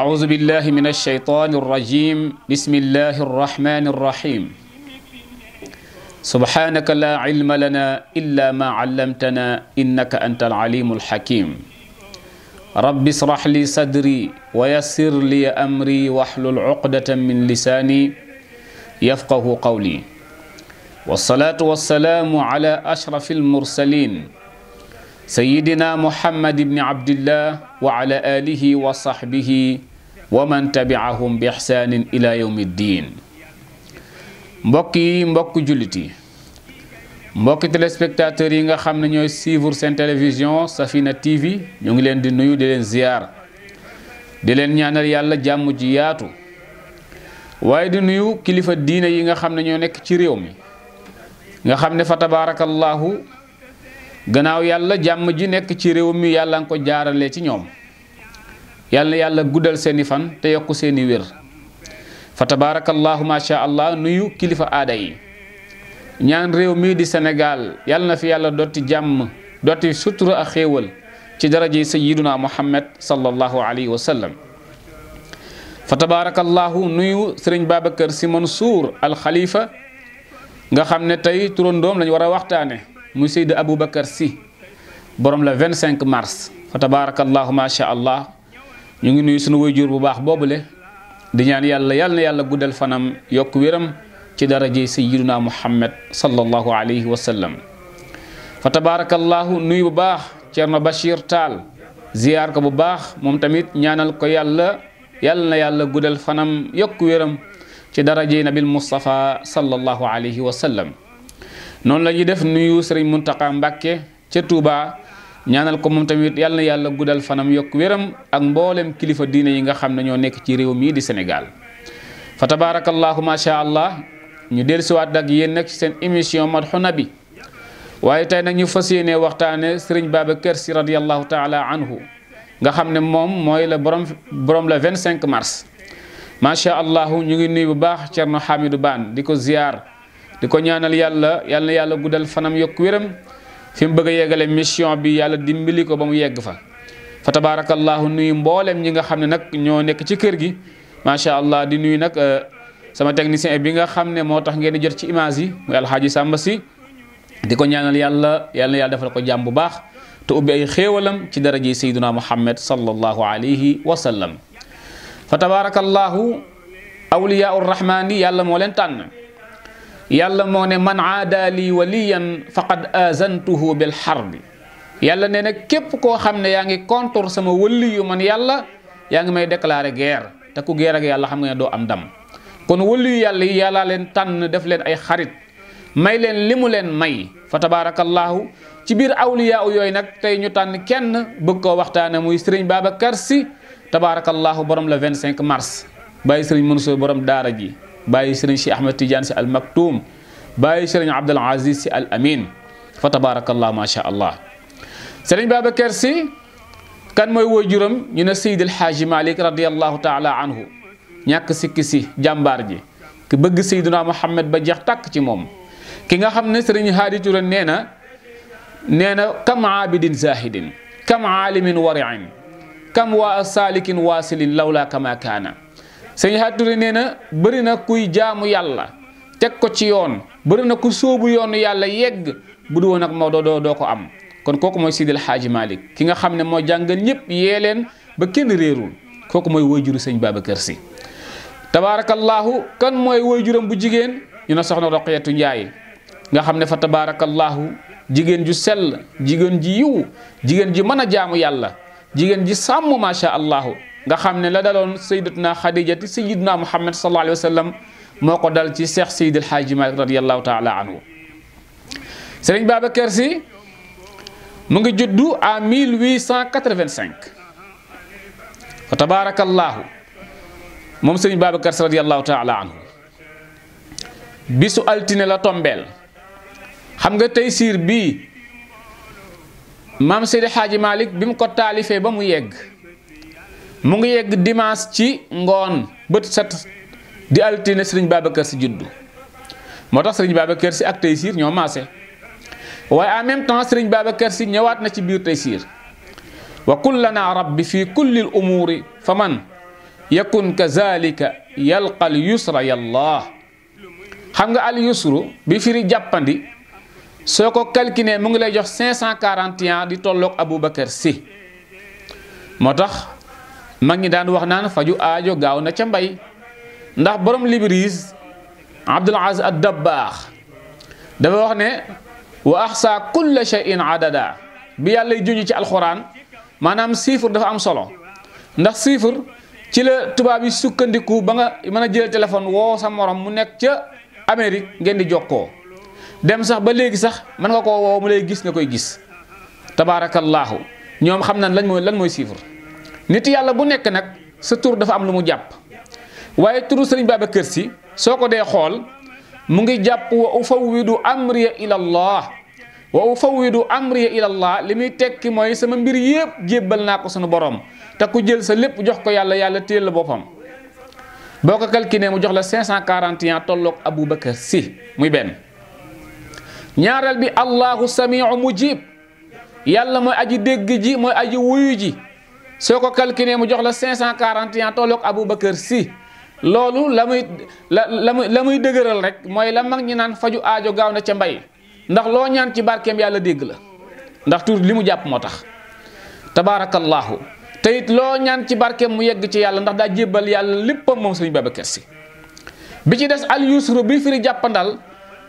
أعوذ بالله من الشيطان الرجيم بسم الله الرحمن الرحيم سبحانك لا علم لنا إلا ما علمتنا إنك أنت العليم الحكيم رب اشرح لي صدري ويسر لي أمري واحلل عقدة من لساني يفقه قولي والصلاة والسلام على أشرف المرسلين سيدنا محمد بن عبد الله وعلى آله وصحبه wa man tabiahum bi ixsaanin ila yawmi diin mbokk yi mbokk jullit yi mbokki téléspectateurs yi nga xam ne ñooy suivre seen télévision Safina TV ñoo ngi leen di nuyu di leen ziyaar di leen ñaanal yàlla jàmm ji yaatu waaye di nuyu kilifa diine yi nga xam ne ñoo nekk ci réew mi nga xam ne fa tabaarakallaahu gannaaw yàlla jàmm ji nekk ci réew mi yàlla nga ko jaarale ci ñoom yàlla na yàlla سيني فان fan te yokk seeni wér fa tabaarakallaahu macha allah nuyu kilifa aada yi ñaan réew mii di Sénégal yàlla na fi yàlla dotti jàmm dotti sutura ak xéewal ci daraje sayyiduna muhammad sallallahu alayhi wa sallam fa tabaarakallaahu nuyu sëriñ al Khalifa nga xamne tay turon dom lañ wara waxtane mu sayyid abou bakkar si borom la 25 mars fa ma sha allah. ñu ngi nuyu sunu waajur bu baax boobule di ñaan yàlla yàlla na yàlla guddal fanam yokk wiram ci daraje sayyiduna muhammad sallallahu alayhi wa sallam fa tabarakallahu nuyu bu baax Cerno Bachir Taal ziyaar ko bu baax moom tamit ñaanal ko yàlla yàlla na yàlla guddal fanam yokk wéram ci daraje nabil Mustafa sallallahu alayhi wa noonu la ñuy def nuyu Sëriñ Muntaqa Mbàkke ca Tuubaa ñaanal ko mom tamit yàlla na yàlla guddal fanam yok wéram ak mboolem kilifa diine yi nga xam ne ñoo nekk ci réew mi di Sénégal fa tabarakallahu ma sha allah ñu ci dellusiwaat dag yéen nak ci sen émission madhu Nabi waye tay nak ñu fas waxtane serigne sëriñ Babacar si radiyallahu taala anhu nga xamne mom moy mooy la borom borom la 25 mars macha allah ñu ngi nuyu bu baax Thierno Hamidou Bane di ko ziar di ko ñaanal yàlla yàlla na yàlla guddal fanam yokk wéram. fi mu bëgg a yeggale mission bi yàlla dimbali ko ba mu yegg fa fa tabaarakallaahu nuyu mboolem ñi nga xam ne nag ñoo nekk ci kër gi macha allah di nuyu nag eh, sama technicien bi nga xam ne moo tax ngeen di jot ci image yi muy alxaaji Sàmba si di ko ñaanal yàlla yàlla na yàlla ko jàmm bu baax te ubbi ay xéewalam ci daraje sayduna muhammad sallallahu alayhi wa sallam fa tabaarakallaahu awliyaa urrahmaani yàlla moo leen tànn yàlla moo ne man aada lii waliyan faqad azantuhu bil harbi yàlla nee na képp koo xam ne yaa ngi contour sama wëli yu man yàlla yaa ngi may déclarer guerre te ku guerre ak yàlla xam nga ne doo am ndam kon wëli yu yàlla yi yàllaa leen tànn def leen ay xarit may leen li mu leen may fa tabaarakallaahu ci biir awliyaa yooyu nag tey ñu tànn kenn bëgg koo waxtaane muy sëriñ Babacar Sy tabaarakallaahu borom le 25 mars bàyyi sëriñ Mansour borom daara ji bàyyi sëriñ si Ahmed Tidiane si al Maktoum bàyyi sëriñ Abdul Aziz si al Amin fa tabarakallah macha allah sëriñ Babacar si kan mooy waajuram ñu ne Seydil Haaji Malik radiallahu taala anhu ñàkk sikki si jàmbaar ji ki bëgg Seydina Muhammad ba jeex tàkk ci moom ki nga xam ne sëriñ Haadi Touré nee na nee na kam aabidin zahidin kam aalimin wariin kam waa saalikin waasilin lawla kama kaana sëñ xaaturi nee na bëri na kuy jaamu yàlla teg ko ci yoon bëri na ku sóobu yoonu yàlla yegg bu du woon ak doo doo ko am kon kooku mooy Sidil Xaaji Malick ki nga xam ne moo jàngal ñëpp yee leen ba kenn réerul kooku mooy woyjuru sëñ kër Si tabaarakallaahu kan mooy woyjuram bu jigéen ñu ne soxna Roqiyatu Njaay nga xam ne fa tabaarakallaahu jigéen ju sell jigéen ji yiw jigéen ji mën a jaamu yàlla jigéen ji sàmm macha allahu nga xamne la dalon sayyidatuna khadija ti sayyidna muhammad sallallahu alaihi wasallam moko dal ci cheikh sayyid al haji malik radiyallahu taala anhu serigne babakar si mu ngi juddu a 1885 tabarakallah mom serigne babakar radiyallahu taala anhu bisu altine la tombel xam nga tay sir bi mam sayyid haji malik bim ko talife ba mu yegg mu ngi yegg dimanche ci ngoon bët set di altine sëriñ Babacar si juddu moo tax sëriñ Babacar si ak Taysir ñoo maase waaye en même temps sëriñ Babacar si ñëwaat na ci biir Taysir wa kullana rabbi fi kulli al umuri faman man yakun kazalika yalqa al yusra ya allah xam nga al yusru bi firi jappandi soo ko calculé mu ngi lay jox 541 di tolloog Bakar si moo tax mag ñi daan wax naan faju aajo gaaw na ca mbay ndax borom Libris Abdul Aziz ad-Dabbaax dafa wax ne wa axsa kulla shay'in adada bi yàlla juñu ci alxuraan maanaam chiffre dafa am solo ndax chiffre ci la tubaab yi sukkandiku ba nga mën a jël téléphone woo sa moroom mu nekk ca Amérique ngeen di jokkoo dem sax ba léegi sax mën nga koo woo mu lay gis nga koy gis tabaarakallaahu ñoom xam na lan mooy lan mooy chiffre nit yalla bu nek setur sa tour dafa am lu mu jàpp waaye turu baba keur Si soko de xol mu ngi japp wa ufawwidu amriya ila allah wa ufawwidu amriya ila allah limi tekki mooy sama mbir yeb jebal nako sunu borom ta ku jël sa lepp jox ko yalla yalla téel bopam boko kalkine mu jox la 541 abou bakkar si muy ben ñaaral bi allahu samiu mujib yalla moy aji dégg ji moy aji wuyu ji soo ko calculé mu jox la 541 tolloog Aboubacar si loolu la muy la la muy la muy dëgëral rek mooy la mag ñi naan faju aajo gaaw na ca mbay ndax loo ñaan ci barkeem yàlla dégg la ndax tur li mu jàpp moo tax tabaarakallaahu te it loo ñaan ci barkeem mu yegg ci yàlla ndax daal jébbal yàlla léppam moom sëriñ Babacar si bi ci des al yusru bi firi jàppandal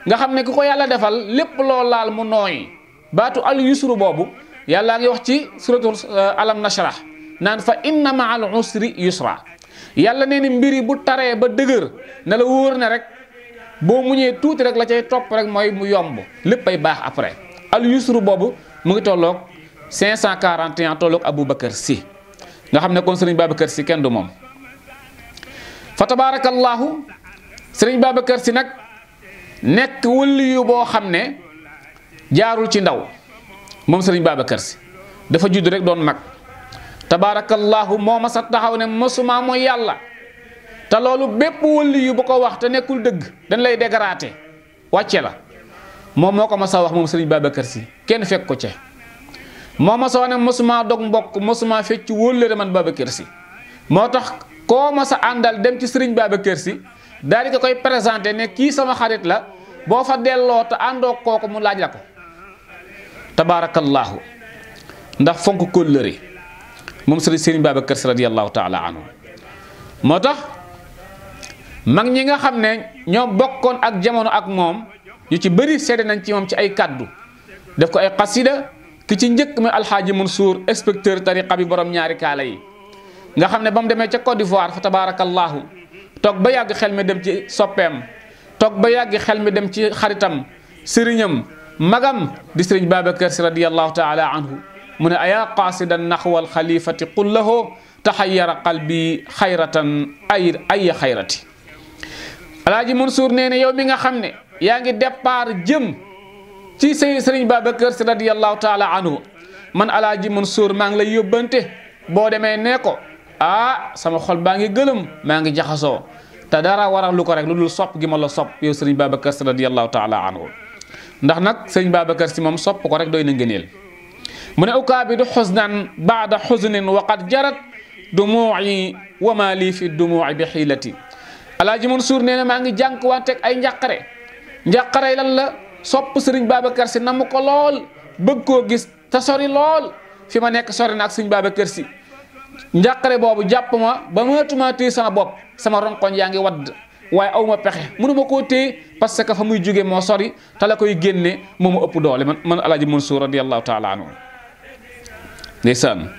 nga xam ne ku ko yàlla defal lépp loo laal mu nooy baatu al yusru boobu yàllaa ngi wax ci suratul euh, alam nashrah naan fa inna ma al usri yusra yàlla nee ni mbir yi bu taree ba dëgër na la wóor ne rek boo mu muñee tuuti rek la cay topp rek mooy mu yomb lépp ay baax après al yusru boobu mu ngi tolloog 541 tolloog Aboubacar si nga xam ne kon sëriñ Babacar si kenn du moom fa tabaarakallaahu sëriñ Babacar si nag nekk wëliyu boo xam ne jaarul ci ndaw moom sëriñ Babacar si dafa judd rek doon mag. tabaarakallaahu moo ma sa taxaw ne masumaa mooy yàlla te loolu bépp wëlli yu bu ko wax te nekkul dëgg dañ lay dégraté wàcce la moom moo ko ma sa wax moom sëriñ Babacar si kenn fekk ko ca moo ma sa ne masumaa dog mbokk masumaa fecc wëllëre man Babacar si moo tax koo ma sa àndal dem ci sëriñ Babacar si daadi di ko koy présenté ne kii sama xarit la boo fa delloo te àndoo kooku mu laaj la ko tabaarakallaahu ndax fonk kóllëre moom sëriñ sëriñ Babacar Si radiyallahu taala anhu moo tax mag ñi nga xam ne ñoo bokkoon ak jamono ak moom yu ci bëri seede nañ ci moom ci ay kàddu def ko ay xasida ki ci njëkk mooy alxaaji Mansour inspecteur tariqa bi borom ñaari kaala yi nga xam ne ba mu demee ca Côte d'Ivoire fa tabaarakallaahu toog ba yàgg xel mi dem ci soppeem toog ba yàgg xel mi dem ci xaritam sëriñam magam di sëriñ Babacar Si radiyallahu taala anhu mu ne qasidan nahwal khalifati qul lahu taxayyara qalbi khayratan ay ay khayrati Alaji mansur neena yow mi nga xamne ne yaa ngi départ jëm ci sey serigne babakar sallallahu taala anhu man Alaji mansur mang ngi lay yóbbante boo demee ko ah sama xol baa ngi mangi maa ngi jaxasoo te dara waral lu ko rek lu dul sopp gi ma la sop yow serigne babakar sallallahu taala anhu ndax nak serigne babakar Si mom sop ko rek doyna ngeenel mu ne ukaabidu xusnan baada xusnin wa qad jarat dumuuci wa maa lii fi dumuuci bi xiilati alaaji Mansuur nee na maa ngi jànkuwanteeg ay njàqare njaqre lan la sopp sëriñ Babacar si namm ko lool bëgg koo gis te sori lool fi ma nekk sori na ak sëriñ Babacar si njàqare boobu jàpp ma ba mënatuma téye sama bopp sama ronkoñ yaa ngi wadd waaye aw ma pexe mënu ma koo téye parce que fa muy jóge moo sori te la koy génne moo ma ëpp doole man man alaaji Mansuur radiyallahu taala anhu ndeysaan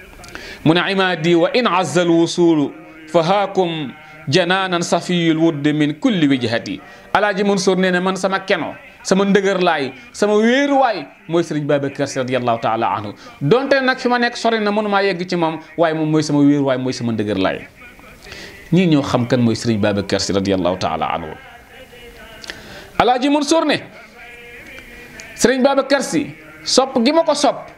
mu ne imaadi wa in azza alwusulu fa haakum janaanan safiyul wuddi min kulli wijhati alaaji Mansour nee na man sama keno sama ndëgërlaay sama wéeruwaay mooy sëriñ Babacar Sy radiyallahu taala anhu donte nag fi ma nekk sori na mënumaa yegg ci moom waaye moom mooy sama wéeruwaay mooy sama ndëgërlaay ñii ñoo xam kan mooy sëriñ Babacar Sy radiyallahu taala anhu alaaji Mansour ne sëriñ Babacar Sy sopp gi ma ko sopp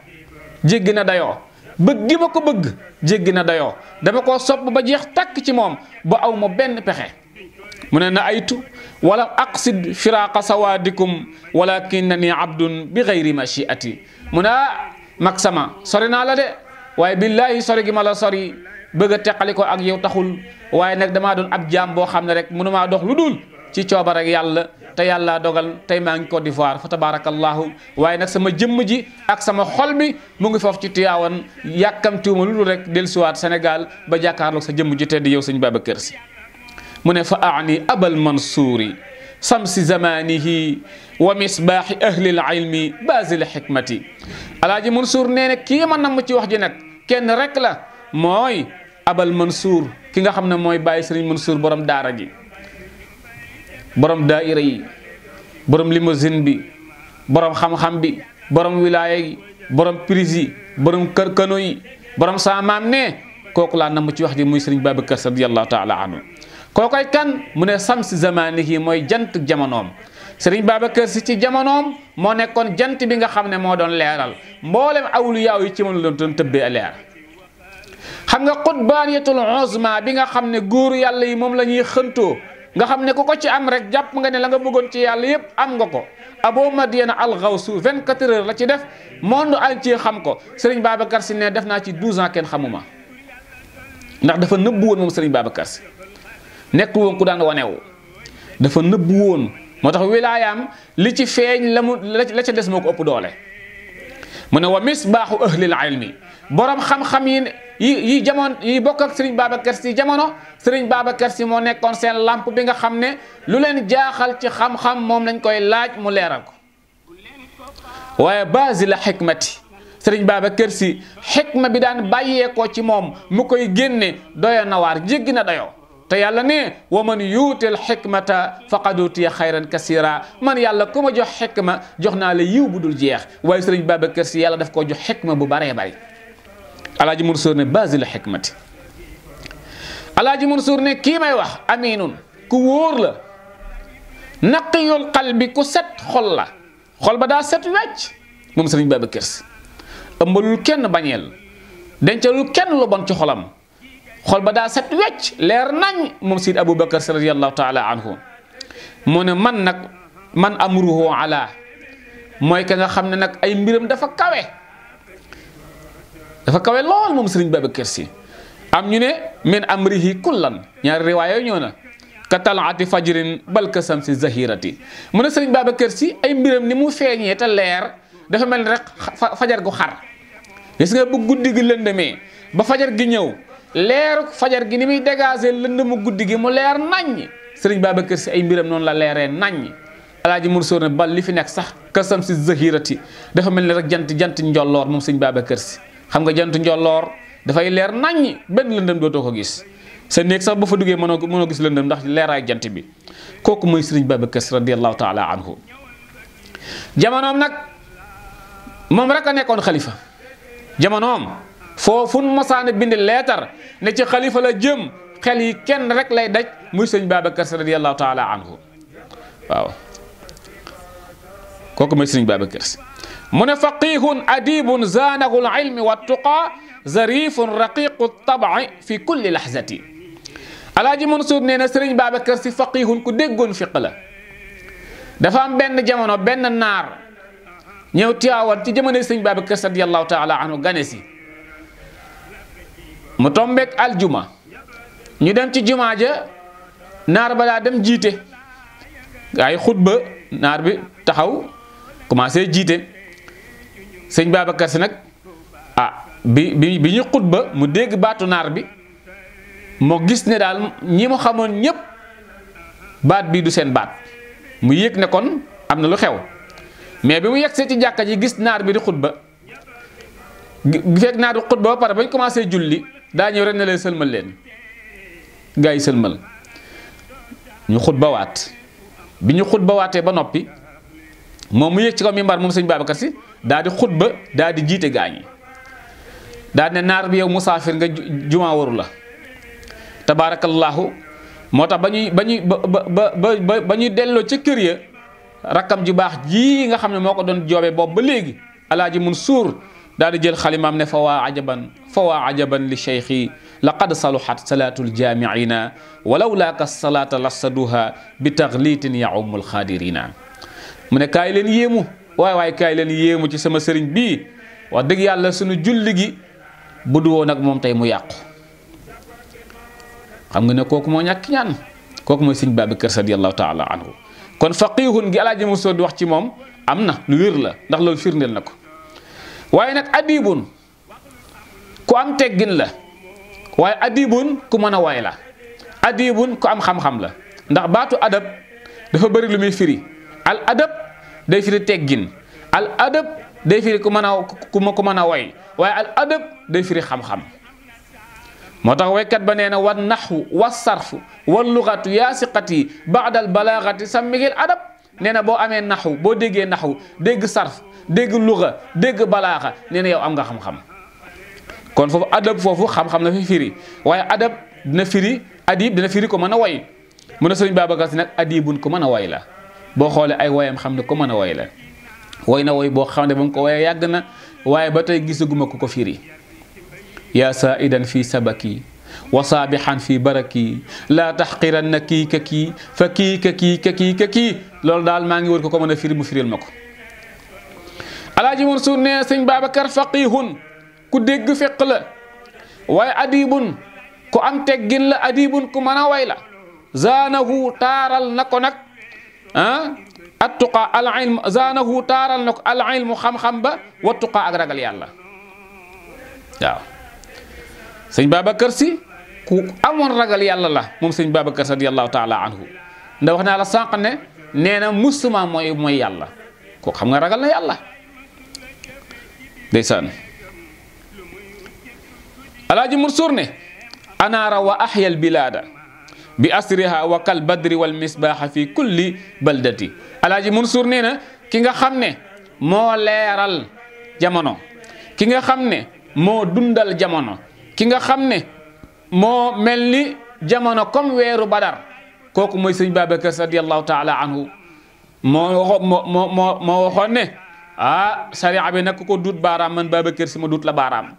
jéggi na dayoo bëgg gi ma ko bëgg jéggi na dayoo dama koo sopp ba jeex takk ci moom ba aw ma benn pexe mu ne na aytu wala aqsid firaaqa sawaadikum walakinnani abdun bi gayri machiati mu ne ah mag sama sori naa la de waaye billaahi sori gi ma la sori bëgga a teqali ko ak yow taxul waaye nag damaa doon ab jaam boo xam ne rek maa dox lu dul ci coobar ak yàlla te yàlla dogal tey maa ngi Côte d'Ivoire fa tabaarakallaahu waaye nag sama jëmm ji ak sama xol bi mu ngi foofu ci Tiwaawan yàkkamtiwuma lu rek dellusiwaat Sénégal ba jàkkaarloog sa jëmm ji di yow sëñ Babacar Si mu ne fa aani abal mansuuri samsi zamanihi wa misbaaxi ahlil ilmi basil xikmati alaaji Mansuur nee na kii ma namm ci wax ji nag kenn rek la mooy abal Mansuur ki nga xam ne mooy bàyyi sëriñ Mansuur borom daara ji borom daaira yi borom limousine bi borom xam-xam bi borom wilaaya yi borom prise yi borom kër kano yi borom saa maam ne kooku laa mu ci wax ji muy sëriñ Babacar Sy radiyallahu taala anhu kookoy kan mu ne sam si zamanihi mooy jant jamonoom sëriñ Babacar Sy ci jamonoom moo nekkoon jant bi nga xam ne moo doon leeral mboolem awliyaaw yi ci moom la doon tëbbee leer xam nga xutbaaniyatul uzma bi nga xam ne góor yàlla yi moom la ñuy xëntoo nga xam ne ku ko ci am rek jàpp nga ne la nga bëggoon ci yàlla yëpp am nga ko abo su vingt 24 heures la ci def monde ci xam ko sëriñ Babacar si ne def naa ci 12 ans kenn xamuma ndax dafa nëbbu woon moom sëriñ Babacar si nekk woon ku daan wanewu dafa nëbbu woon moo tax wilaayaam li ci feeñ la mu la ci des moo ko ëpp doole mu ne wa misbaaxu ahlil ilmi borom xam-xam yi yi jamono yi bokk ak Serigne Babacar Sy jamono Serigne Babacar Sy moo nekkoon seen làmp bi nga xam ne lu leen jaaxal ci xam-xam moom lañ koy laaj mu leeral ko waaye baasi la xikmati Serigne Babacar Sy xikma bi daan bàyyeekoo ci moom mu koy génne doyo na waar jéggi na dayoo te yàlla ne wa man yuutil xikmata faqad utiya xayran kasira man yàlla ku ma jox xikma jox naa la yiw bu dul jeex waaye Serigne Babacar Sy yàlla def koo jox xikma bu baree bari alaaji Mansour ne basil xikmati alaaji soor ne kii may wax aminun ku wóor la naqiyul qalbi ku set xol la xol ba daa set wecc moom sëriñ Babacar Si ëmbalul kenn bañeel dencalul kenn lu bon ci xolam ba daa set wecc leer nañ moom Seydi Aboubacar Si radiallahu taala anhu mu ne man nag man amruhu ala mooy ka nga xam ne nag ay mbiram dafa kawe dafa kawé lol mom serigne Babacar kersi am ñu né min amrihi kullan ñaar riwaya ñoo na fajrin bal kasam si zahirati mu ne sëriñ Babacar ay mbiram ni mu feñé ta lèr dafa mel rek fajar gu xar gis nga bu guddigi gi ba fajar gi ñew lèr fajar gi ni muy dégager lëndëmu guddi mu lèr nañ serigne Babacar kersi ay mbiram non la léré nañ alaaji Mansour ne bal li fi nek sax kasam si zahirati dafa melni rek jant jant njolloor mom serigne xam nga jant njolloor dafay leer nañ benn lëndëm dootoo ko gis sa néeg sax ba fa duggee mënoo mënoo gis lëndëm ndax leeraay jant bi kooku mooy sëriñ Babacar Sy radiallahu taala anhu nag moom rek a nekkoon xalifa jamonoom foofu mosaane bind leetar ne ci xalifa la jëm xel yi kenn rek lay daj muy sëriñ Babacar Sy radiallahu taala anhu waaw kooku mooy sëriñ Babacar Sy من فقيه أديب زانه العلم والتقى زريف رقيق الطبع في كل لحظة الاجي منصور نينا سرين بابكر سي فقيه كدق فقلا دفعن بن جمعنا بن النار نيو تياوان تي جمعنا سرين بابكر صدي الله تعالى عنه غانسي متومبك الجمعة ني دم تي جمعة جا نار بلا دم جيته غاي خطبة نار بي تخاو كما سي جيته sëñ Babacar si nag ah bi bi bi ñu xutba mu dégg baatu naar bi moo gis ne daal ñi mu xamoon ñépp baat bii du seen baat mu yëg ne kon am na lu xew mais bi mu yegg yegsee ci jàkka ji gis naar bi di xutba fekk naar bi xutba ba pare ba ñu commencé julli daa ñëw rek ne leen sëlmal leen gaa yi sëlmal ñu xutba waat bi ñu xutba waatee ba noppi moom mu yëg ci kaw mimbar moom sëñ Babacar si daa di xutba daa di jiite gaañi daa naar bi yow musaafir nga jumaa waru la tabaarakallaahu moo tax ba ñuy delloo ca kër ya rakkam ju baax jii nga xam ne moo ko doon joobe boobu ba léegi alaaji mun suur daal di jël xalimaam ne fa waa ajaban fa waa ajaban li cheikhi laqad saluhat salaatul jaamiina walaw laaka salaata lasaduha bi taxliitin yaumul xaadirina mu ne kaay leen yéemu way way kay len yemu ci sama serigne bi wa deug yalla sunu julli gi bu du woon ak mom tay mu yaq xam nga ne kooku mo ñak ñaan serigne taala anhu kon faqihun gi alaji Moussa wax ci mom amna lu wir la ndax lo firnel nako ko nak adibun ku am teggin la waye adibun ku mën way la adibun ku am xam-xam la ndax batu adab dafa lumifiri, lu firi al adab day firi teggin al adab day firi ku mën a ku ma ko mën a way waaye al adab day firi xam-xam moo tax waykat ba nee na wa naxwu wa sarfu wa lugatu yaa siqati baadal balaagati sammihil adab nee na boo amee naxwu boo déggee naxwu dégg sarf dégg luxa dégg balaaxa nee na yow am nga xam-xam kon foofu adab foofu xam-xam na fi firi waaye adab dina firi adib dina firi ko mën a way mu ne sëñ Babacar Si nag adibun ko mën a way la boo xoolee ay woyam xam ne ko mën a la woy na woy boo xam ne ko woyee yàgg na waaye ba tey gisaguma ko firi yaa saaidan fi sabaki wa saabixan fi baraki la taxqiran na kii ka kaki kaki kii ka kii ka kii ka kii loolu daal maa ngi wër ko ko mën firi mu firil ma ko alaaji ne sëñ Babacar faqihun ku dégg feq la waaye adibun ku am teggin la adibun ku mën a way la zaanahu taaral na ko التقى العلم زانه تار النك العلم خم خم با والتقى أدرك لي الله يا سيد بابا كرسي كو أمر رجل يا الله مم سيد بابا كرسي رضي الله تعالى عنه نوحنا على ساقنا نينا مسلم موي موي الله كو خم رجل يا الله ديسان الله جمهور سورني أنا روا أحيا البلاد bi asriha wa kal badri wal misbaaxa fi kulli baldati alaaji Mansour nee na ki nga xam ne moo leeral jamono ki nga xam ne moo dundal jamono ki nga xam ne moo mel ni jamono comme weeru badar kooku mooy sëñ Babacar radiallahu taala anhu moo moo moo ne ah sariya bi nag ku ko duut baaraam man Babacar si duut la baaraam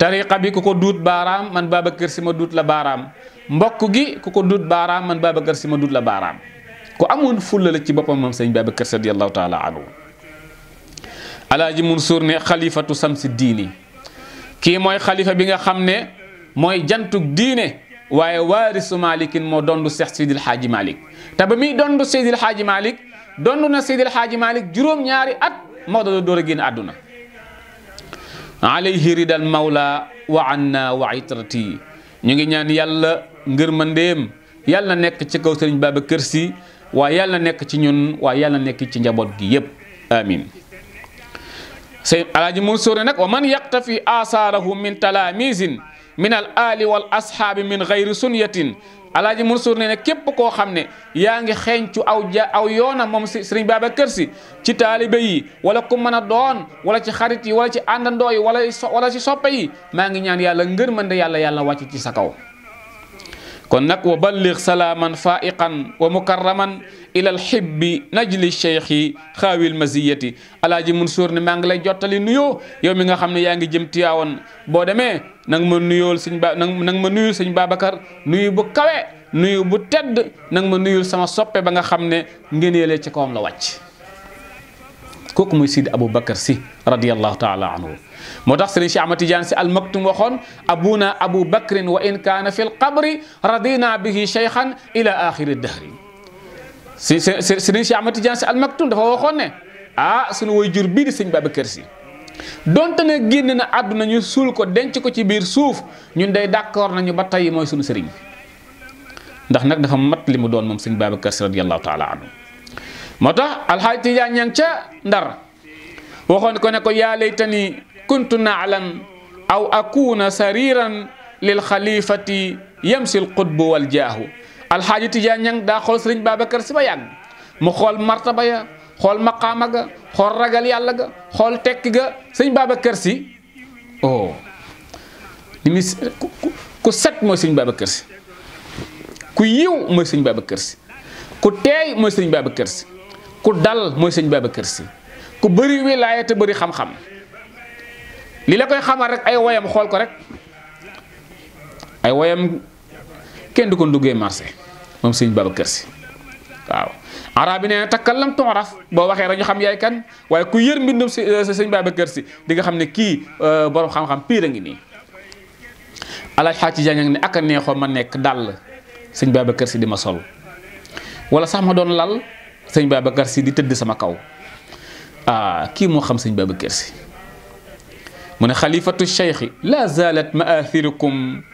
tariqa bi ku ko duut baaraam man Babacar si ma duut la baaraam mbokk gi ku ko dut baram man Babacar si ma dut la baram ko amun fulle la ci bopam mom seigne Babacar si taala anhu alaaji munsur ne khalifatu samsi dini ki moy khalifa bi nga xamne moy jantuk jantug waye waris malik mo dondu cheikh sidil haji malik tabami ba muy dondu sidil haji malik dondu na sidil haji malik jurom ñaari at mo do do a génn àdduna alayhi ridal maula wa anna wa itrati ñu ngi ñaan yalla ngërmandeem yàlla na nekk ci kaw sëriñ Babacar Sy waa yàlla na nekk ci ñun waa yàlla na nekk ci njaboot gi yépp amin sëy alaaji Mansour ne nag wa man yaqtafi asaarahu min talaamisin min al aali wal ashaabi min gayri sunyatin alaaji Mansour ne ne képp koo xam ne yaa ngi xeeñcu aw ja aw yoonam moom sëriñ Babacar Sy ci taalibe yi wala ku mën a doon wala ci xarit yi wala ci àndandoo yi wala wala ci soppe yi maa ngi ñaan yàlla ngërmande yàlla yàlla wàcc ci sa kaw kon nag wa ballig salaaman faiqan wa mukarraman ilal xibbi najli cheikhi xaawil maziyati mun Mansour ne maa ngi lay jottali nuyoo yow mi nga xam ne yaa ngi jëm tiyaawan boo demee nang ma nuyool sëñ ba nang ma nuyul sëñ Babacar nuyu bu kawee nuyu bu tedd nang ma nuyul sama soppe ba nga xam ne ngéneele ci kawam la wàcc kooku mooy Sidi Aboubacar si radiyallahu taala anhu moo tax Serigne Cheikh Ahmad Tidiane si almaktum waxoon abuna Abu Bakrin wa in kaana fi lqabri radina bihi cheikhan ila axiri dahri si Serigne Cheikh Ahmad si almaktum dafa waxoon ne ah sunu way jur bii di sëñ Babacar si donte ne génn na àdduna ñu suul ko denc ko ci biir suuf ñun day d'accord nañu ba tey mooy sunu sëriñ ndax nag dafa mat li mu doon moom sëñ Babacar si radiyallahu taala anhu motax hayti ya ñang ca ndar waxon ko ne ko ya laytani kuntu na'lan aw akuna sariran lil khalifati yamsi al qutb wal jahu hayti ya ñang da xol serigne babakar sima yag mu khol martaba ya xol maqama ga xol ragal yalla ga xol tekki ga serigne babakar si oh limi ku set mo serigne babakar si ku yiw mo serigne babakar si ku tey mo serigne babakar si ku dal mooy sëñ Babacar Si ku bëri wilaya te bëri xam-xam li la koy xamal rek ay woyam xol ko rek ay woyam kenn du ko ndugé marché moom sëñ Babacar Si waaw arab yi nee na takkallam tonraf boo waxee xam yaay kan waaye ku yeur mbindum seigne euh, baba Babacar Si di nga xam ne kii euh, borom xam-xam pire ngi ni ala xaaci jangang ne ak neexo ma Si di ma sol wala sax ma lal sëñ Babacar si di tëdd sama kaw ah kii moo xam sëñ Babacar si mu ne xalifatu cheikhi la zalat maathirukum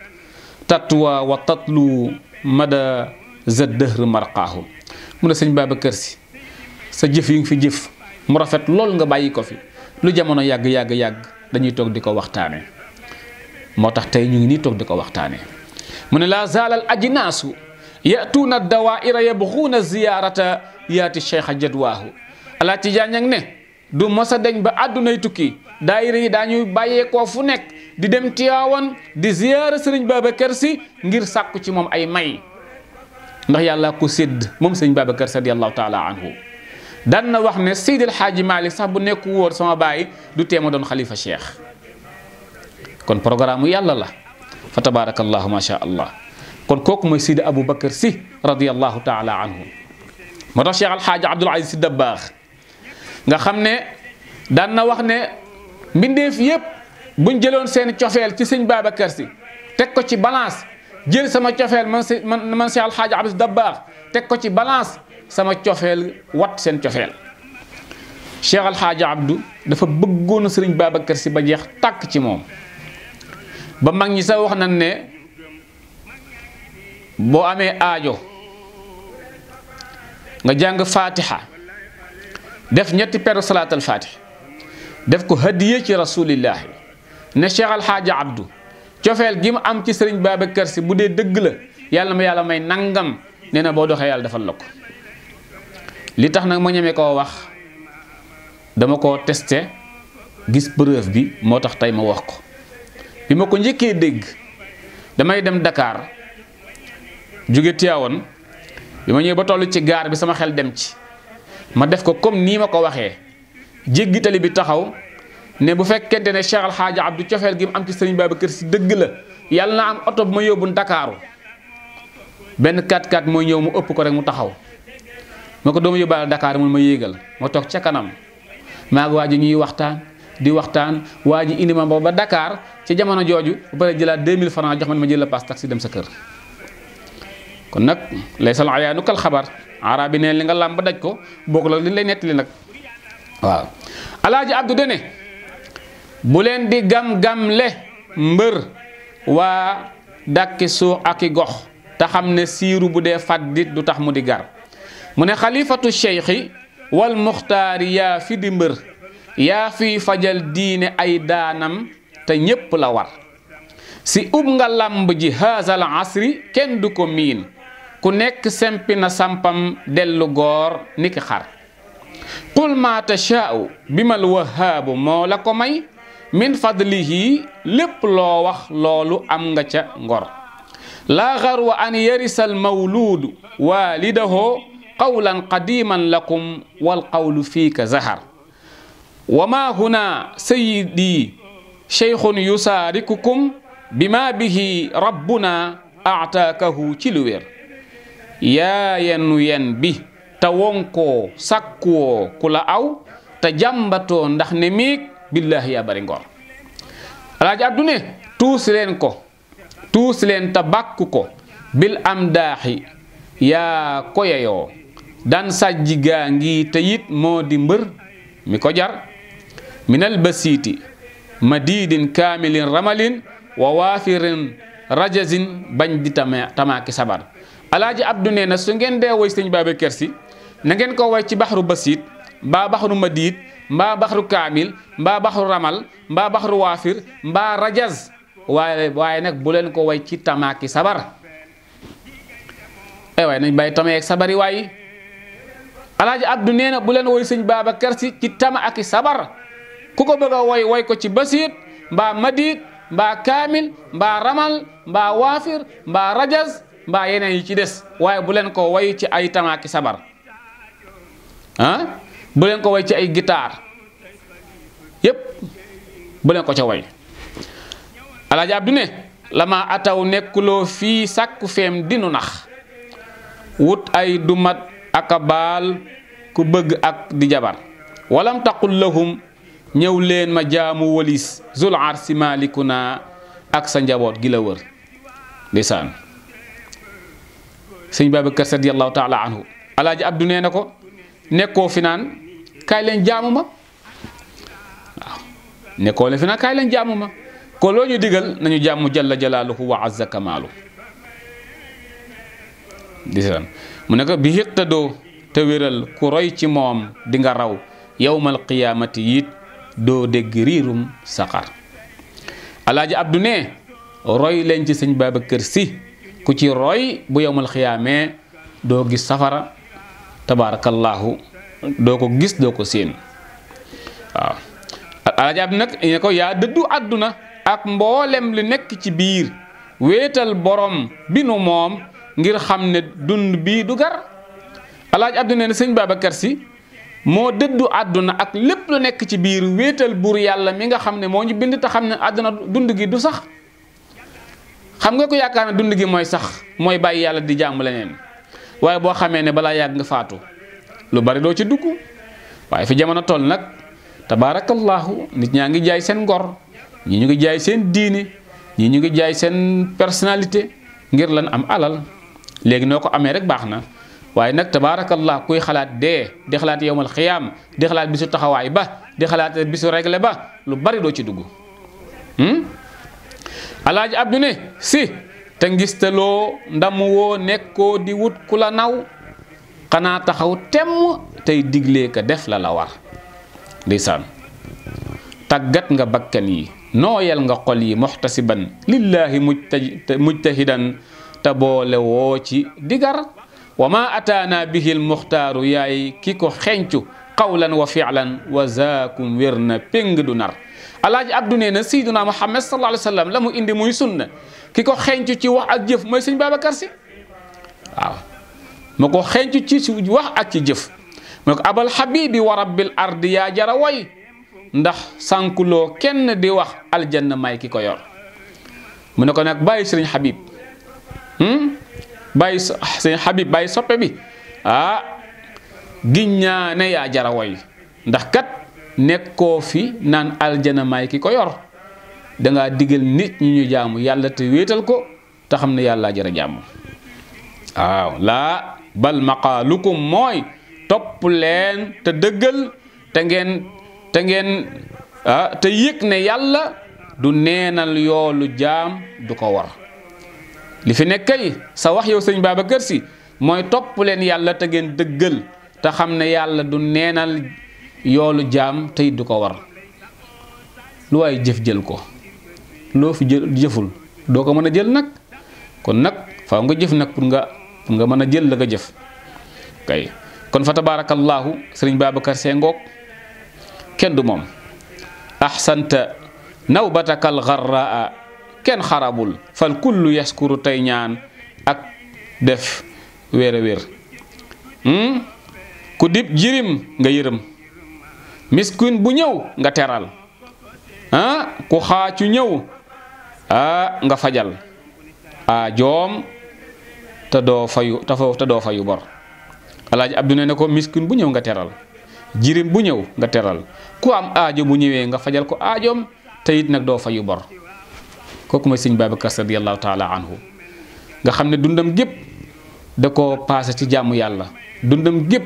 tatwa wa tatlu mada za dëhr marqaahu mu ne sëñ Babacar si sa jëf yi nga fi jëf mu rafet lool nga bàyyi ko fi lu jamono yàgg yàgg yàgg dañuy toog di ko waxtaane moo ñu ngi nii toog di ko waxtaane la zalal ajnaasu yatuuna dawaira yabxuuna ziyarata yaati cheikh jadwaahu ala ci ñang ne du mossa beradu deñ ba àddunay tukki daayira yi baye ko fu nek di dem tiawon di sering serigne babakar si ngir sakku ci mom ay may ndax yalla ko sedd mom serigne babakar sallallahu taala anhu Dan na wax ne al haji malik sax bu nek wor sama baye du tema don khalifa cheikh kon programme yalla la fa tabarakallah ma sha allah kon moy sayyid abou bakkar si radiyallahu taala anhu moo tax Cheikh Alxaaji Abdul Aziz Si Dabbaax nga xam ne daan na wax ne mbindeef yépp buñ jëloon seen cofeel ci sëñ Babacar Si teg ko ci balance jël sama cofeel man si man man Cheikh Alxaaji Abdul Dabbaax teg ko ci balance sama cofeel wat seen cofeel Cheikh Alxaaji Abdou dafa bëggoon sëriñ Babacar Si ba jeex tàkk ci moom ba mag ñi sax wax nañ ne boo amee aajo nga jang fatiha def ñetti peru al fatih def ko hadiye ci rasulillah ne cheikh alxaaja abdu ciofel gi mu am ci serigne babakar si budé deug la yalla ma yalla may nangam neena bo doxé yalla defal li tax nak ma ñame ko wax dama ko testé gis preuve bi motax tay ma wax ko bima ko damay dem Dakar jugé Tiwaawan bima ñëw ba tollu ci gaar bi sama xel dem ci ma def ko comme ni ma ko waxee jéggi tali bi taxaw né bu fekkenté né Cheikh Alxaaja Abdou tiofel gi am ci sëriñ Babacar ci deug la yalla na am auto bu ma yóbbu Ndakaaru ben 4x4 mo ñëw mu upp ko rek mu taxaw mako ko dooma yóbbaale Dakar mu ma yéegal ma tok ci kanam ma ak waji ñuy waxtaan di waxtaan waji indi ma ba Dakar ci jamono joju bu pare jëlaat 2000 francs jox man ma jël la paas taxi dem sa kër kon nak laysal ayanu kal khabar arabi ne li nga lamb daj ko bok la li lay nettali nak wa alaaji abdu dene bu len di gam-gamle mbër wa dàkki suux ak gox te xam ne bu dee du tax mu di gar mune khalifatu shaykhi wal mukhtar ya fi di mbeur ya fi fajal diine ay danam te ñepp la war si ub nga lamb ji hazal asri ken du ko min ku nekk sempi na sampam dellu goor niki xar qul maa tashaa'u bi mal wahaabu moo la ko may min fadlihi lépp loo wax loolu am nga ca ngor laa xarwa an yarisal mawluudu waalidahoo qawlan qadiman lakum wal qawlu fiika zahar wa maa huna sayidi cheykhun yusaarikukum bi ma bihi rabbuna aataakahu ci lu wér ya yaayannu yen bi ta wonko sakko kula aw ta jambato ndax ne miig billahi ya bari ngor alaji adune tous len ko tous len ta ko bil amdahi ya koyayo dan sajiga ngi te yit moo di mi ko jar minal basiti madidin kamilin ramalin wa wafirin rajazin bañ di tamaaki sabar alaaji abdu nee su ngeen dee woy sëñ Babacar Si na ngeen ko woy ci baxaru basit mbaa baxaru madiid mbaa baxaru kaamil mbaa baxaru ramal mbaa mbaa waaye nag bu leen ko woy ci tamaaki sabar eh nañ bàyyi tama yeeg sabar bu leen woy sëñ Babacar Si ci tama ku ko bëgg woy ko ci basit mbaa madiid kaamil mbaa ramal mbaa waafir mbaa rajaz mbaa yenen yi ci dess waye bu len ko way ci ay tamaki sabar ah bu len ko way ci ay guitar yep bu len ko ci way abdu ne lama ataw nekulo fi sakku fem dinu nax wut ay dumat akabal, baal ku beug ak di jabar walam taqul lahum ñew leen ma jaamu walis zul arsi malikuna ak sa njabot gi la wër sëñ Babacar radiyallahu taala anhu alaaji Abdu nee na ko nekkoo fi naan kaay leen jaamu ma nekkoo leen fi naan kaay leen ma ko loo ñu digal nañu jaamu jalla jalaaluhu wa azza kamaalu disan mu ne ko bi xittadoo te wéral ku roy ci moom dinga raw yowmal qiyaamati it doo dégg riirum saxar alaaji Abdu ne roy leen ci sëñ Babacar si ku ci roy bu yowmal xiyaamee doo gis safara tabaarakallaahu doo ko gis doo ko séen waaw alajaab nag yaa dëddu àdduna ak mboolem li nekk ci biir wéetal boroom bi nu moom ngir xam ne dund bii du gar alaaj abdu ne sëñ Babacar Si moo dëddu àdduna ak lépp lu nekk ci biir wéetal buur yàlla mi nga xam ne moo ñu bind te xam ne àdduna dund gi du sax xam nga ku yakarna dund gi moy sax moy baye yalla di jamm leneen waye bo xamé né bala yag nga faatu lu bari do ci dugg waye fi jamono toll nak tabarakallah nit ñangi jaay sen ngor ñi ñu ngi jaay sen diine ñi ñu ngi jaay sen personnalité ngir lan am alal légui noko ko rek baxna waye nak tabarakallah kuy xalaat de di xalaat yowmal xiyaam di xalaat bisu taxaway ba di xalaat bisu réglé ba lu bari do ci dugg hmm? alhaji abdu ne si te ngistaloo ndam wo nekko di wut kula naw xanaa taxaw tem tey diglee ka def la la wax lisan tagat nga bakkan yi noyal nga xol yi muhtasiban lillahi mujtahidan tabole wo ci digar wama ma ataana bihi mukhtar yaay kiko xencu qawlan wa fi'lan wa zaakum wirna ping nar alaji abdu na sayyiduna muhammad sallallahu alaihi wasallam. lamu mu indi muy sunna kiko xencu ci wax ak jëf moy seigne babakar si waaw mako xencu ci wax ak ci jëf mako abal habib wa rabbil ard ya jara ndax sankulo kenn di wax aljanna may kiko yor muneko nak baye seigne habib hmm baye seigne ah, Habib baye soppe bi ah ginnya ne ya jara ndax kat nekkoo fi nan aljana may ki ko yor nga digal nit ñi ñu jaamu yalla te wetal ko ta xam yalla jara jaamu waaw la bal maqalukum moy top topulen te dëggal te ngeen te ngeen te yek ne yalla du neenal yoolu jaam du ko war li fi nek kay sa wax yow seigne babakar Si moy top len yalla te ngeen dëggal ta xamne yalla du neenal yoolu jaam tey du ko war lu waay jëf jël ko loo fi jël jëful doo ko mën a jël nag kon nag faaw nga jëf nag pour nga pour nga mën a jël la nga jëf kay kon fa tabaarakallaahu sëriñ Babacar Sy kenn du moom ahsanta nawbatakal garraa kenn xarabul fal kullu yaskuru tey ñaan ak def wéer a Hmm. ku dib jirim nga yërëm miskin bu ñew nga teral ah ku xaacu ñew ah nga fajal a ah, jom ta do fayu ta do fayu bor alaaji abdou ne ko miskin bu ñew nga teral jirim bu ñew nga teral ku am aajo bu ñewé nga fajal ko jom te it do fayu bor kooku mooy sëñ Babacar taala anhu nga xamne dundam gip, da ko passé ci jamu yalla dundam gep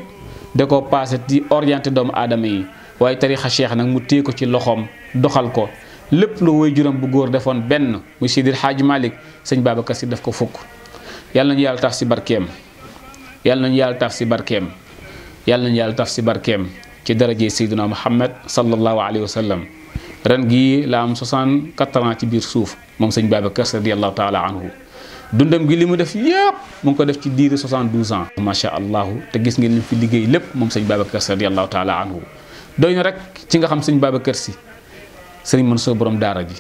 da ko passé ci orienter dom adamay waye tariikha cheikh nak mu tey ko ci loxom doxal ko lépp lu way juram bu góor defon ben mu sidir haj malik seigne Babacar si daf ko fuk yàlla nañu yàlla taf si barkeem yàlla nañu yàlla taf si barkeem yàlla nañu yàlla taf si barkeem ci daraje Seydina Muhammad sallallahu alayhi wasallam ran gi la am 64 ans ci bir souf mom seigne Babacar Sy radiallahu taala anhu dundam gi limu def yeb mu ngi ko def ci diir 72 ans macha allah te gis ngeen li fi liggey lépp mom seigne Babacar Sy radiallahu taala anhu doy na rek ci nga xam baba Babacar si sëriñ Mansour borom daara gi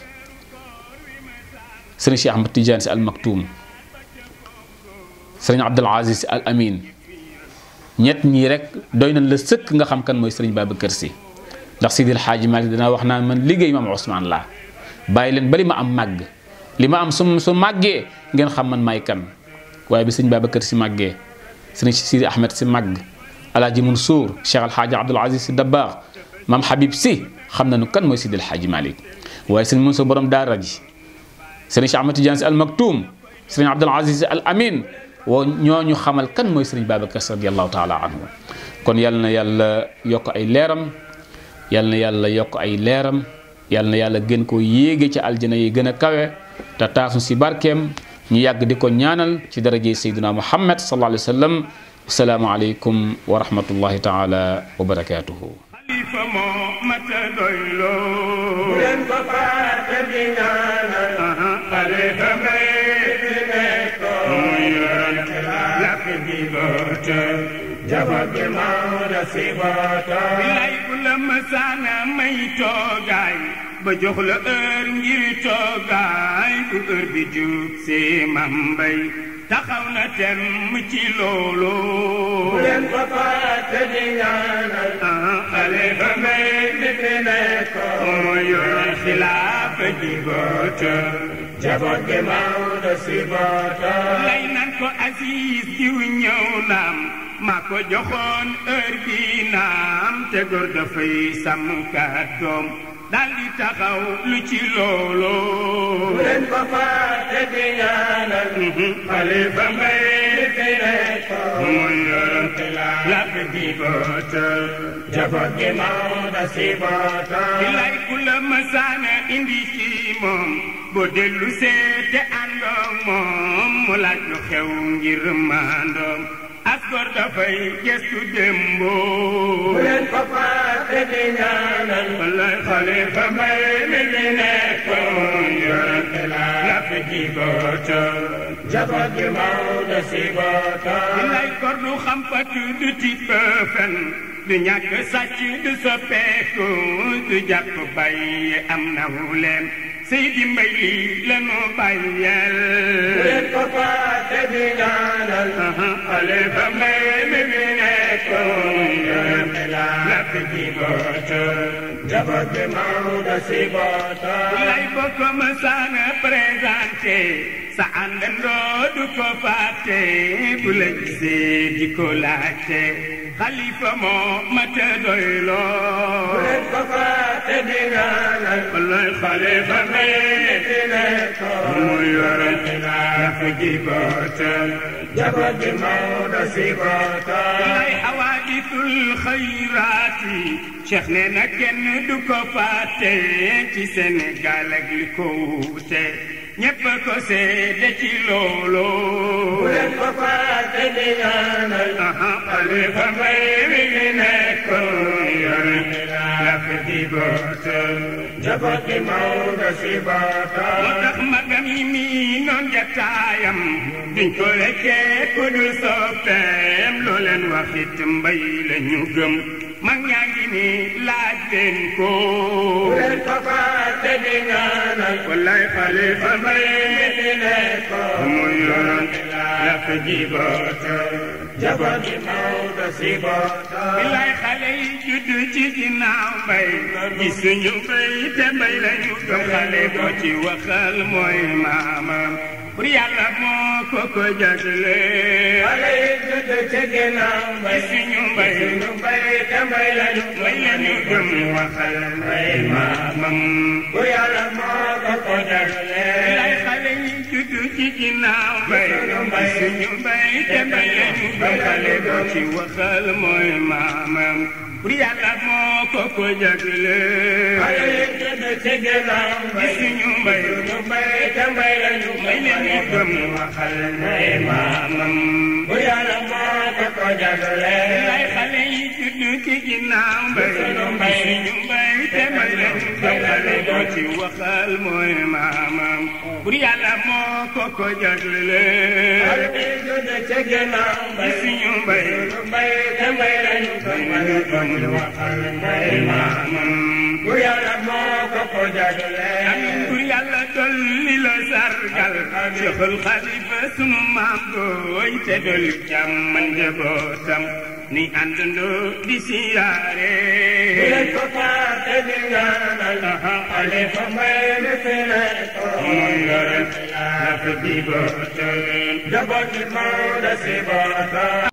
sëriñ Cheikh Ahmed Tidiane al Maktoum sëriñ Abdul Aziz al Amin ñet ñi rek doy nañ la sëkk nga xam kan mooy sëriñ Babacar si ndax Sidil haji Maalik danaa wax na man liggéey mam Ousmane la bàyyi leen ma am mag lima am sum sum magge ngeen xam man may kan waye bi sëñ Babacar si magge sëriñ Sidi Ahmed si alaaji Mansour Cheikh Alhaaji Abdoul Aziz Sy Dabakh maam Habib Sy xam nañu kan mooy Seydi El Hadji Malick waaye sëriñ Mansour borom daara ji sëriñ Cheikh Ahmed Tidiane Sy Al Maktoum sëriñ Abdoul Aziz Al Amin woo ñooñu xamal kan mooy sëriñ Babacar Sy radiallahu taala anhu kon yal na yàlla yokk ay leeram yal na yàlla yokk ay leeram yal na yàlla gën ko yéege ci aljana yi gën kawe te taasu si barkeem ñu yàgg di ko ñaanal ci daraje Seydina Muhammad sallallahu alayhi wa sallam salaamualeykum wa rahmatullahi taala wa barakaatuhu xalifa moo mata doyloo bu leen ko fàtte di ñaanal xalifa mbay fi nekkoon muy yonent lakk di loote jabar bi Maodo si boota lay bu la mësaana may toogaay ba jox la heure ngir toogaay bu heure bi jub see mam bay taxaw na temm ci loolu. bu leen ko fàtte di ñaanal. xale ba may mi fi nekkoon. mooy yore xilaafa ji boota. jaboot gi Maodo si boota. lay nan ko Aziz diw ñëw naam. ma ko joxoon heure bi naam te góor dafay sàmm kàddoom. dal di taxaw lu ci loolo bu leen ko fàtte di ñaanal mm-hmm. xalifa mbay fi nekk mooy yorom te làpp di boota jafa gi Maodo si boota di lay ku la masaana indi ci boo dellu seete àndoom moom mu laaj lu xew ngir maandoom as gor dafay gestu démboo bu leen ko fàtte di ñaanal jaboot gi Maodo si booto. li lay gor du xam fatu du ti fen du ñàkk sàcc du soppeeku du jàpp bay am na wu leen Seydi Mbaye la nu bàyyeel. leen ko paase di ñaanal. xale ba mbay mi mi nekkoon. pijibotă Jabăgă maudă si Lai rodu Khalifa khalifa Lai miraasi Cheikh ne na kenn du ko fàtte ci Sénégal ak li ko wuute ñépp ko seede ci loolo bu ko fàtte di ñaanal aha xalifa mbay mi ngi nekkoon مديباتا جبت مولا سباتا ودخمك ميمين جتايم دين كلك كل صفتهم لولن وخيت مبيل نجم mag ñaa ngi ni laaj leen ko leen papa te di ñaanal wallaay xalifa mbay mi di nekkoon mu yoroon la ko jibaata jabari Maodo si bootaa. bilaay xale yi juddu ci ginnaaw mbay. gisuñu mbay te mbay lañu gëm. xale ko ci waxal mooy maamam. pour yàlla moo ko ko jagleel. xale yi juddu ci ginnaaw mbay. gisuñu mbay te mbay lañu. mbay lañu gëm waxal mooy maamam. pour yàlla moo ko ko jagleel. ci ginnaaw bay suñu bay te bay lañu bëggale ko ci waxal mooy maamam pour yàlla moo ko ko jagle ci ginnaaw bay suñu bay te bay lañu bëggale ko ci waxal mooy maamam pour yàlla moo ko ko jagle ñu ci ginnaaw mbay mi ñu mbay te may leen jàppale ko ci waxal mooy maamam bur yàlla moo ko ko jaglele ci ginnaaw mbay si ñu mbay te may leen jàppale ko ci waxal mooy maamam bur yàlla moo ko ko jaglele tol ni la sargal Seexul Xalifa sunu maam booy te dol jàmmal njabootam ni àndandoo di siyaare bu leen ko fàtte di ñaanal Xalifa may ni fi nekk moom yore la fi di bootam njaboot Maodo si bootam